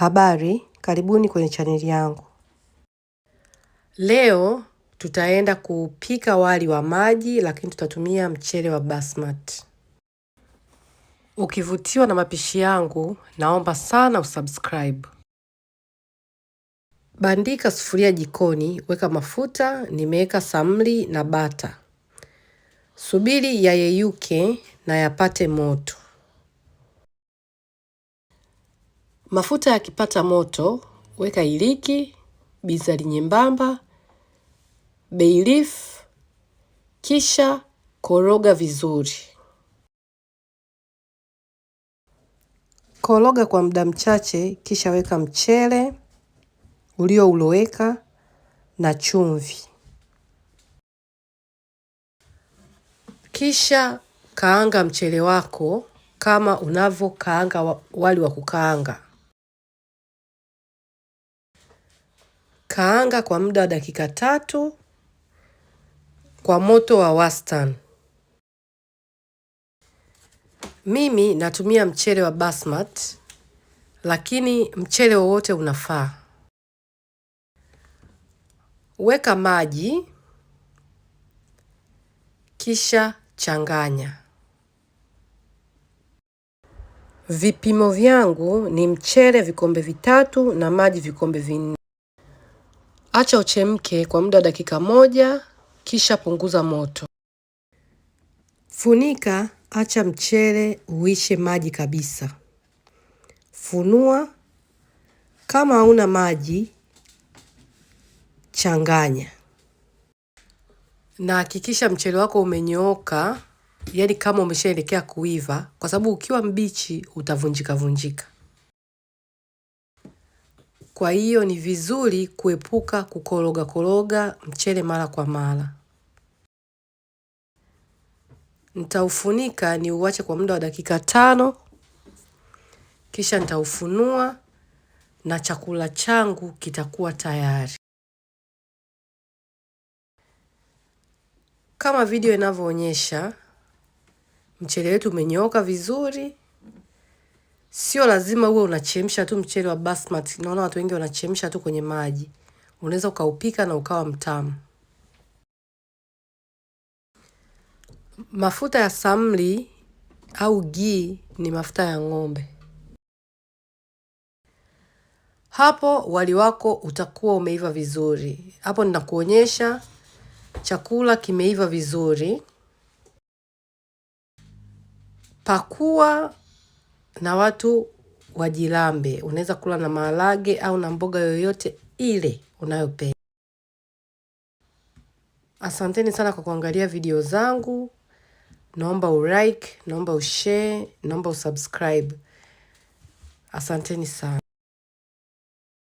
Habari, karibuni kwenye chaneli yangu. Leo tutaenda kupika wali wa maji, lakini tutatumia mchele wa basmati. Ukivutiwa na mapishi yangu, naomba sana usubscribe. Bandika sufuria jikoni, weka mafuta, nimeweka samli na bata. Subiri yayeyuke na yapate moto. Mafuta yakipata moto, weka iliki, bizari nyembamba, bay leaf, kisha koroga vizuri. Koroga kwa muda mchache, kisha weka mchele uliouloweka na chumvi, kisha kaanga mchele wako kama unavyokaanga wali wa kukaanga. Kaanga kwa muda wa dakika tatu kwa moto wa wastani. Mimi natumia mchele wa basmat, lakini mchele wowote unafaa. Weka maji, kisha changanya. Vipimo vyangu ni mchele vikombe vitatu na maji vikombe vinne. Acha uchemke kwa muda wa dakika moja, kisha punguza moto. Funika, acha mchele uishe maji kabisa. Funua, kama hauna maji changanya, na hakikisha mchele wako umenyooka, yaani kama umeshaelekea kuiva, kwa sababu ukiwa mbichi utavunjika vunjika. Kwa hiyo ni vizuri kuepuka kukoroga koroga mchele mara kwa mara. Nitaufunika ni uwache kwa muda wa dakika tano, kisha nitaufunua na chakula changu kitakuwa tayari. Kama video inavyoonyesha, mchele wetu umenyooka vizuri. Sio lazima uwe unachemsha tu mchele wa basmati. Naona watu wengi wanachemsha tu kwenye maji, unaweza ukaupika na ukawa mtamu. Mafuta ya samli au ghee ni mafuta ya ng'ombe. Hapo wali wako utakuwa umeiva vizuri. Hapo ninakuonyesha chakula kimeiva vizuri. Pakua na watu wajilambe. Unaweza kula na maharage au na mboga yoyote ile unayopenda. Asanteni sana kwa kuangalia video zangu. Naomba ulike, naomba ushare, naomba usubscribe. Asanteni sana.